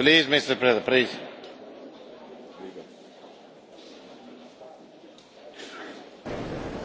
Please, Mr. Preda, please.